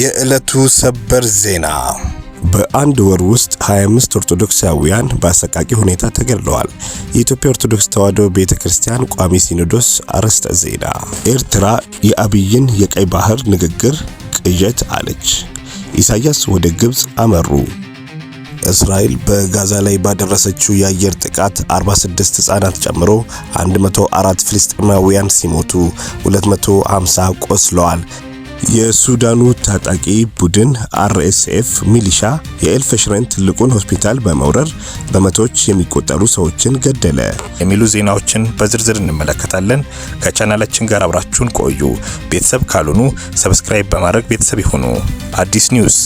የዕለቱ ሰበር ዜና በአንድ ወር ውስጥ 25 ኦርቶዶክሳውያን በአሰቃቂ ሁኔታ ተገድለዋል። የኢትዮጵያ ኦርቶዶክስ ተዋሕዶ ቤተ ክርስቲያን ቋሚ ሲኖዶስ አርዕስተ ዜና። ኤርትራ የአብይን የቀይ ባህር ንግግር ቅዠት አለች። ኢሳያስ ወደ ግብፅ አመሩ። እስራኤል በጋዛ ላይ ባደረሰችው የአየር ጥቃት 46 ሕፃናት ጨምሮ 104 ፍልስጤማውያን ሲሞቱ 250 ቆስለዋል። የሱዳኑ ታጣቂ ቡድን አርኤስኤፍ ሚሊሻ የኤልፈሽረን ትልቁን ሆስፒታል በመውረር በመቶዎች የሚቆጠሩ ሰዎችን ገደለ የሚሉ ዜናዎችን በዝርዝር እንመለከታለን። ከቻናላችን ጋር አብራችሁን ቆዩ። ቤተሰብ ካልሆኑ ሰብስክራይብ በማድረግ ቤተሰብ ይሁኑ። አዲስ ኒውስ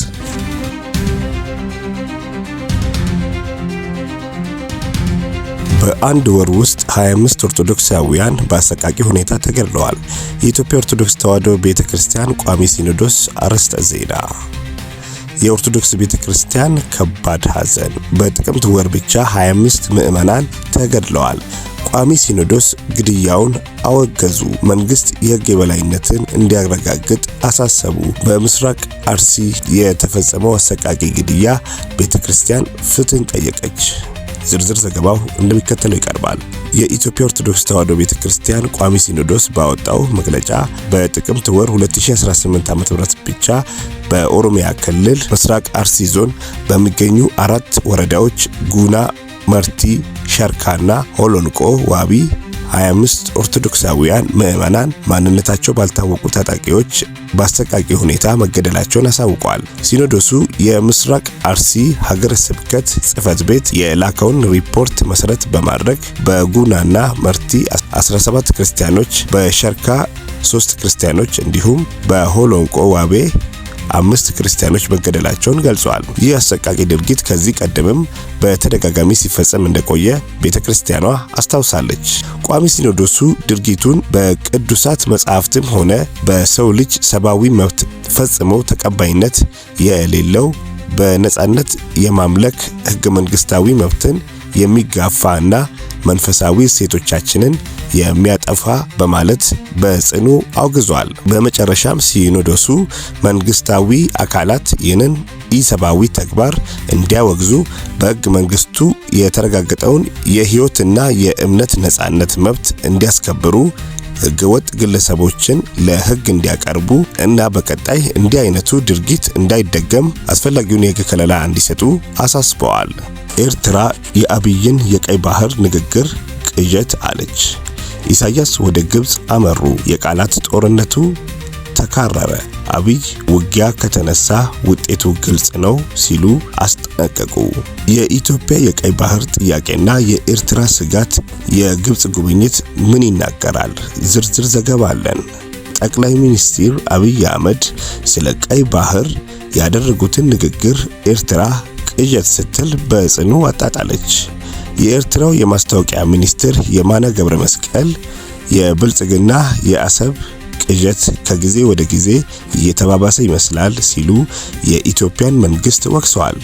በአንድ ወር ውስጥ 25 ኦርቶዶክሳውያን በአሰቃቂ ሁኔታ ተገድለዋል። የኢትዮጵያ ኦርቶዶክስ ተዋሕዶ ቤተ ክርስቲያን ቋሚ ሲኖዶስ አርዕስተ ዜና። የኦርቶዶክስ ቤተ ክርስቲያን ከባድ ሐዘን፣ በጥቅምት ወር ብቻ 25 ምዕመናን ተገድለዋል። ቋሚ ሲኖዶስ ግድያውን አወገዙ። መንግስት የህግ የበላይነትን እንዲያረጋግጥ አሳሰቡ። በምስራቅ አርሲ የተፈጸመው አሰቃቂ ግድያ ቤተ ክርስቲያን ፍትህን ጠየቀች። ዝርዝር ዘገባው እንደሚከተለው ይቀርባል። የኢትዮጵያ ኦርቶዶክስ ተዋሕዶ ቤተ ክርስቲያን ቋሚ ሲኖዶስ ባወጣው መግለጫ በጥቅምት ወር 2018 ዓ.ም ብቻ በኦሮሚያ ክልል ምስራቅ አርሲ ዞን በሚገኙ አራት ወረዳዎች ጉና፣ መርቲ፣ ሸርካና ሆሎንቆ ዋቢ 25 ኦርቶዶክሳውያን ምዕመናን ማንነታቸው ባልታወቁ ታጣቂዎች በአሰቃቂ ሁኔታ መገደላቸውን አሳውቋል። ሲኖዶሱ የምስራቅ አርሲ ሀገረ ስብከት ጽህፈት ቤት የላከውን ሪፖርት መሰረት በማድረግ በጉናና መርቲ 17 ክርስቲያኖች፣ በሸርካ 3 ክርስቲያኖች እንዲሁም በሆሎንቆ ዋቤ አምስት ክርስቲያኖች መገደላቸውን ገልጸዋል። ይህ አሰቃቂ ድርጊት ከዚህ ቀደምም በተደጋጋሚ ሲፈጸም እንደቆየ ቤተ ክርስቲያኗ አስታውሳለች። ቋሚ ሲኖዶሱ ድርጊቱን በቅዱሳት መጻሕፍትም ሆነ በሰው ልጅ ሰብአዊ መብት ፈጽሞ ተቀባይነት የሌለው በነጻነት የማምለክ ህገ መንግስታዊ መብትን የሚጋፋ እና መንፈሳዊ እሴቶቻችንን የሚያጠፋ በማለት በጽኑ አውግዟል። በመጨረሻም ሲኖዶሱ መንግስታዊ አካላት ይህንን ኢሰብአዊ ተግባር እንዲያወግዙ በህገ መንግስቱ የተረጋገጠውን የህይወትና የእምነት ነጻነት መብት እንዲያስከብሩ ህገወጥ ግለሰቦችን ለህግ እንዲያቀርቡ እና በቀጣይ እንዲህ አይነቱ ድርጊት እንዳይደገም አስፈላጊውን የህግ ከለላ እንዲሰጡ አሳስበዋል። ኤርትራ የአብይን የቀይ ባህር ንግግር ቅዠት አለች። ኢሳያስ ወደ ግብፅ አመሩ። የቃላት ጦርነቱ ተካረረ። አብይ ውጊያ ከተነሳ ውጤቱ ግልጽ ነው ሲሉ አስጠነቀቁ። የኢትዮጵያ የቀይ ባህር ጥያቄና የኤርትራ ስጋት የግብፅ ጉብኝት ምን ይናገራል? ዝርዝር ዘገባ አለን። ጠቅላይ ሚኒስትር አብይ አህመድ ስለ ቀይ ባህር ያደረጉትን ንግግር ኤርትራ ቅዠት ስትል በጽኑ አጣጣለች። የኤርትራው የማስታወቂያ ሚኒስትር የማነ ገብረ መስቀል የብልጽግና የአሰብ ቅዠት ከጊዜ ወደ ጊዜ እየተባባሰ ይመስላል ሲሉ የኢትዮጵያን መንግስት ወቅሰዋል።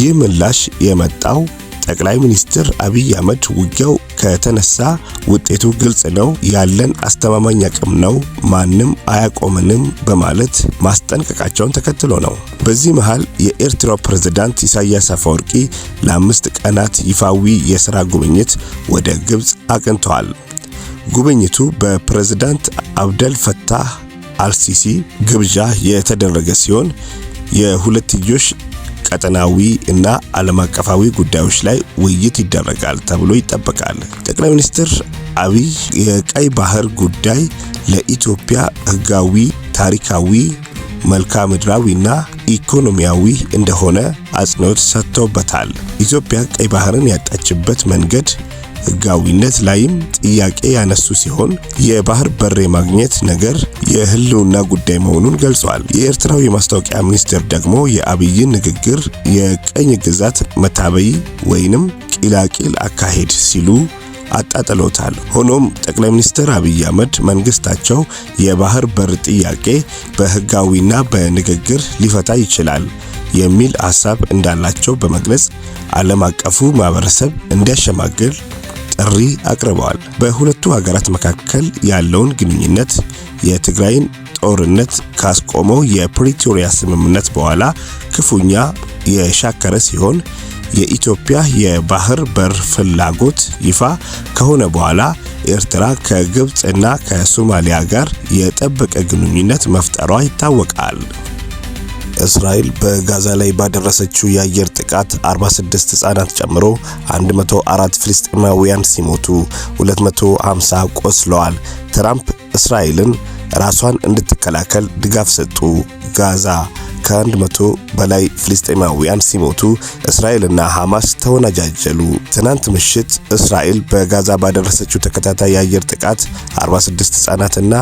ይህ ምላሽ የመጣው ጠቅላይ ሚኒስትር አብይ አህመድ ውጊያው ከተነሳ ውጤቱ ግልጽ ነው፣ ያለን አስተማማኝ አቅም ነው፣ ማንም አያቆምንም በማለት ማስጠንቀቃቸውን ተከትሎ ነው። በዚህ መሃል የኤርትራው ፕሬዝዳንት ኢሳያስ አፈወርቂ ለአምስት ቀናት ይፋዊ የሥራ ጉብኝት ወደ ግብፅ አቅንተዋል። ጉብኝቱ በፕሬዝዳንት አብደል ፈታህ አልሲሲ ግብዣ የተደረገ ሲሆን የሁለትዮሽ ቀጠናዊ እና ዓለም አቀፋዊ ጉዳዮች ላይ ውይይት ይደረጋል ተብሎ ይጠበቃል። ጠቅላይ ሚኒስትር አብይ የቀይ ባህር ጉዳይ ለኢትዮጵያ ህጋዊ፣ ታሪካዊ፣ መልክዓ ምድራዊና ኢኮኖሚያዊ እንደሆነ አጽንኦት ሰጥቶበታል። ኢትዮጵያ ቀይ ባህርን ያጣችበት መንገድ ህጋዊነት ላይም ጥያቄ ያነሱ ሲሆን የባህር በር የማግኘት ነገር የህልውና ጉዳይ መሆኑን ገልጿል። የኤርትራው የማስታወቂያ ሚኒስቴር ደግሞ የአብይን ንግግር የቀኝ ግዛት መታበይ ወይንም ቂላቂል አካሄድ ሲሉ አጣጥለውታል። ሆኖም ጠቅላይ ሚኒስትር አብይ አህመድ መንግስታቸው የባህር በር ጥያቄ በህጋዊና በንግግር ሊፈታ ይችላል የሚል ሀሳብ እንዳላቸው በመግለጽ ዓለም አቀፉ ማህበረሰብ እንዲያሸማግል ጥሪ አቅርበዋል። በሁለቱ ሀገራት መካከል ያለውን ግንኙነት የትግራይን ጦርነት ካስቆመው የፕሪቶሪያ ስምምነት በኋላ ክፉኛ የሻከረ ሲሆን የኢትዮጵያ የባህር በር ፍላጎት ይፋ ከሆነ በኋላ ኤርትራ ከግብፅና ከሶማሊያ ጋር የጠበቀ ግንኙነት መፍጠሯ ይታወቃል። እስራኤል በጋዛ ላይ ባደረሰችው የአየር ጥቃት 46 ህጻናት ጨምሮ 104 ፍልስጤማውያን ሲሞቱ 250 ቆስለዋል። ትራምፕ እስራኤልን ራሷን እንድትከላከል ድጋፍ ሰጡ። ጋዛ ከአንድ መቶ በላይ ፍልስጤማውያን ሲሞቱ እስራኤልና ሐማስ ተወነጃጀሉ። ትናንት ምሽት እስራኤል በጋዛ ባደረሰችው ተከታታይ የአየር ጥቃት 46 ህጻናትና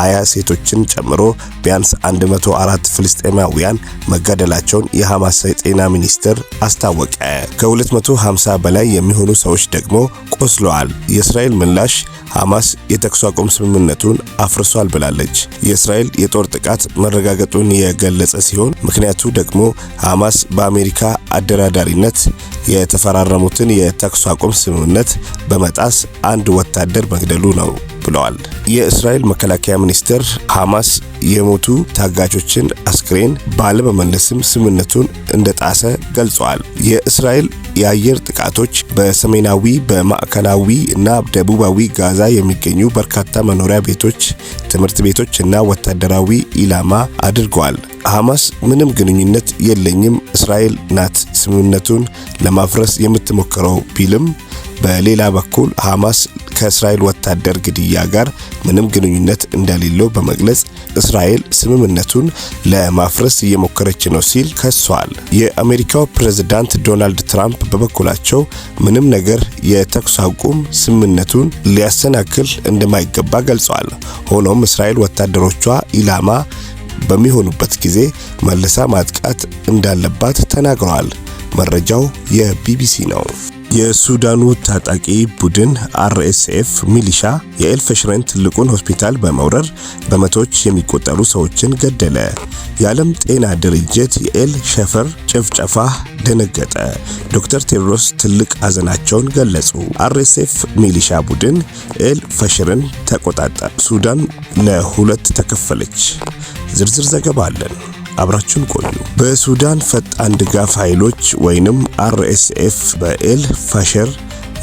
20 ሴቶችን ጨምሮ ቢያንስ 104 ፍልስጤማውያን መጋደላቸውን የሐማስ የጤና ሚኒስቴር አስታወቀ። ከ250 በላይ የሚሆኑ ሰዎች ደግሞ ቆስለዋል። የእስራኤል ምላሽ ሐማስ የተኩስ አቁም ስምምነቱን አፍርሷል ብላለች። የእስራኤል የጦር ጥቃት መረጋገጡን የገለጸ ሲሆን ሲሆን ምክንያቱ ደግሞ ሐማስ በአሜሪካ አደራዳሪነት የተፈራረሙትን የተኩስ አቁም ስምምነት በመጣስ አንድ ወታደር መግደሉ ነው። ብለዋል። የእስራኤል መከላከያ ሚኒስትር ሐማስ የሞቱ ታጋቾችን አስክሬን ባለመመለስም ስምምነቱን እንደጣሰ ገልጿል። የእስራኤል የአየር ጥቃቶች በሰሜናዊ በማዕከላዊ እና ደቡባዊ ጋዛ የሚገኙ በርካታ መኖሪያ ቤቶች፣ ትምህርት ቤቶች እና ወታደራዊ ኢላማ አድርገዋል። ሐማስ ምንም ግንኙነት የለኝም፣ እስራኤል ናት ስምምነቱን ለማፍረስ የምትሞክረው ቢልም በሌላ በኩል ሐማስ ከእስራኤል ወታደር ግድያ ጋር ምንም ግንኙነት እንደሌለው በመግለጽ እስራኤል ስምምነቱን ለማፍረስ እየሞከረች ነው ሲል ከሷል። የአሜሪካው ፕሬዝዳንት ዶናልድ ትራምፕ በበኩላቸው ምንም ነገር የተኩስ አቁም ስምምነቱን ሊያሰናክል እንደማይገባ ገልጿል። ሆኖም እስራኤል ወታደሮቿ ኢላማ በሚሆኑበት ጊዜ መልሳ ማጥቃት እንዳለባት ተናግረዋል። መረጃው የቢቢሲ ነው። የሱዳኑ ታጣቂ ቡድን አርኤስኤፍ ሚሊሻ የኤልፈሽረን ትልቁን ሆስፒታል በመውረር በመቶዎች የሚቆጠሩ ሰዎችን ገደለ። የዓለም ጤና ድርጅት የኤል ሸፈር ጭፍጨፋ ደነገጠ። ዶክተር ቴዎድሮስ ትልቅ ሐዘናቸውን ገለጹ። አርኤስኤፍ ሚሊሻ ቡድን ኤል ፈሽርን ተቆጣጠረ። ሱዳን ለሁለት ተከፈለች። ዝርዝር ዘገባ አለን። አብራችሁን ቆዩ። በሱዳን ፈጣን ድጋፍ ኃይሎች ወይንም አርኤስኤፍ በኤል ፋሸር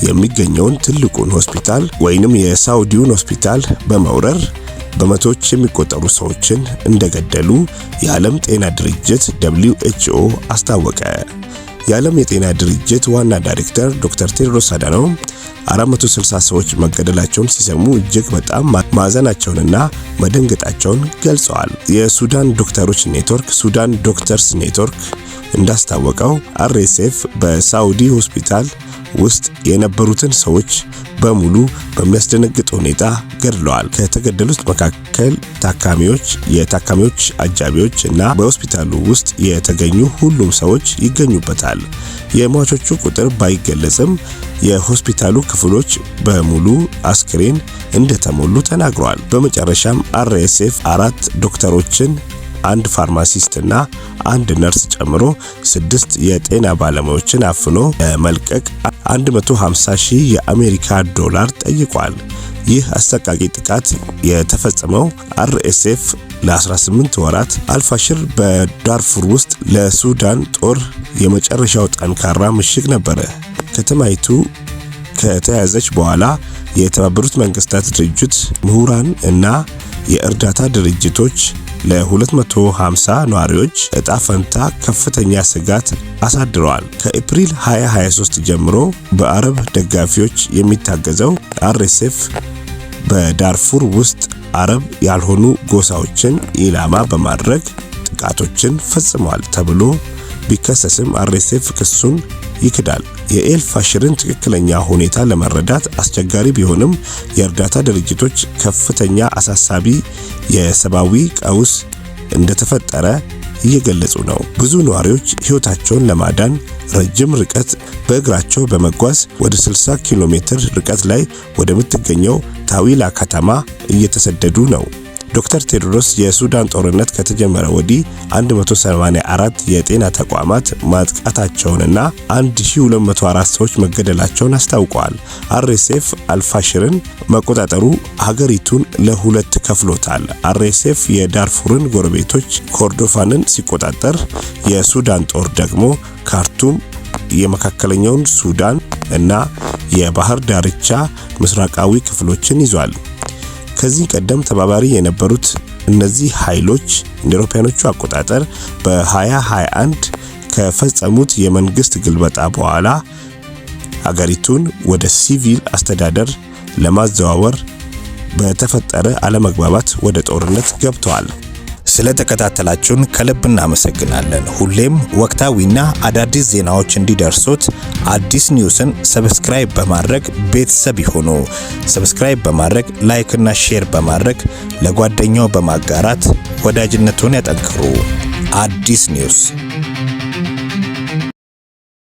የሚገኘውን ትልቁን ሆስፒታል ወይንም የሳውዲውን ሆስፒታል በመውረር በመቶዎች የሚቆጠሩ ሰዎችን እንደገደሉ የዓለም ጤና ድርጅት ደብሊው ኤችኦ አስታወቀ። የዓለም የጤና ድርጅት ዋና ዳይሬክተር ዶክተር ቴድሮስ አዳኖም 460 ሰዎች መገደላቸውን ሲሰሙ እጅግ በጣም ማዘናቸውንና መደንገጣቸውን ገልጸዋል። የሱዳን ዶክተሮች ኔትወርክ ሱዳን ዶክተርስ ኔትወርክ እንዳስታወቀው አርኤስኤፍ በሳውዲ ሆስፒታል ውስጥ የነበሩትን ሰዎች በሙሉ በሚያስደነግጥ ሁኔታ ገድለዋል። ከተገደሉት መካከል ታካሚዎች፣ የታካሚዎች አጃቢዎች እና በሆስፒታሉ ውስጥ የተገኙ ሁሉም ሰዎች ይገኙበታል። የሟቾቹ ቁጥር ባይገለጽም የሆስፒታሉ ክፍሎች በሙሉ አስክሬን እንደተሞሉ ተናግሯል። በመጨረሻም አርኤስኤፍ አራት ዶክተሮችን አንድ ፋርማሲስት እና አንድ ነርስ ጨምሮ ስድስት የጤና ባለሙያዎችን አፍኖ ለመልቀቅ 150 ሺህ የአሜሪካ ዶላር ጠይቋል። ይህ አሰቃቂ ጥቃት የተፈጸመው አርኤስኤፍ ለ18 ወራት አልፋሽር በዳርፉር ውስጥ ለሱዳን ጦር የመጨረሻው ጠንካራ ምሽግ ነበረ። ከተማይቱ ከተያዘች በኋላ የተባበሩት መንግስታት ድርጅት ምሁራን እና የእርዳታ ድርጅቶች ለ250 ነዋሪዎች እጣ ፈንታ ከፍተኛ ስጋት አሳድረዋል። ከኤፕሪል 2023 ጀምሮ በአረብ ደጋፊዎች የሚታገዘው አርኤስኤፍ በዳርፉር ውስጥ አረብ ያልሆኑ ጎሳዎችን ኢላማ በማድረግ ጥቃቶችን ፈጽሟል ተብሎ ቢከሰስም አርኤስኤፍ ክሱን ይክዳል። የኤልፋሽርን ትክክለኛ ሁኔታ ለመረዳት አስቸጋሪ ቢሆንም የእርዳታ ድርጅቶች ከፍተኛ አሳሳቢ የሰብአዊ ቀውስ እንደተፈጠረ እየገለጹ ነው። ብዙ ነዋሪዎች ሕይወታቸውን ለማዳን ረጅም ርቀት በእግራቸው በመጓዝ ወደ 60 ኪሎ ሜትር ርቀት ላይ ወደምትገኘው ታዊላ ከተማ እየተሰደዱ ነው። ዶክተር ቴዎድሮስ የሱዳን ጦርነት ከተጀመረ ወዲህ 184 የጤና ተቋማት ማጥቃታቸውንና 1204 ሰዎች መገደላቸውን አስታውቀዋል። አርኤስኤፍ አልፋሽርን መቆጣጠሩ ሀገሪቱን ለሁለት ከፍሎታል። አርኤስኤፍ የዳርፉርን ጎረቤቶች ኮርዶፋንን ሲቆጣጠር፣ የሱዳን ጦር ደግሞ ካርቱም፣ የመካከለኛውን ሱዳን እና የባህር ዳርቻ ምስራቃዊ ክፍሎችን ይዟል። ከዚህ ቀደም ተባባሪ የነበሩት እነዚህ ኃይሎች እንደ አውሮፓውያኖቹ አቆጣጠር በ2021 ከፈጸሙት የመንግስት ግልበጣ በኋላ አገሪቱን ወደ ሲቪል አስተዳደር ለማዘዋወር በተፈጠረ አለመግባባት ወደ ጦርነት ገብተዋል። ስለተከታተላችሁን ከልብ እናመሰግናለን። ሁሌም ወቅታዊና አዳዲስ ዜናዎች እንዲደርሱት አዲስ ኒውስን ሰብስክራይብ በማድረግ ቤተሰብ ይሁኑ። ሰብስክራይብ በማድረግ ላይክና ሼር በማድረግ ለጓደኛው በማጋራት ወዳጅነቱን ያጠንክሩ። አዲስ ኒውስ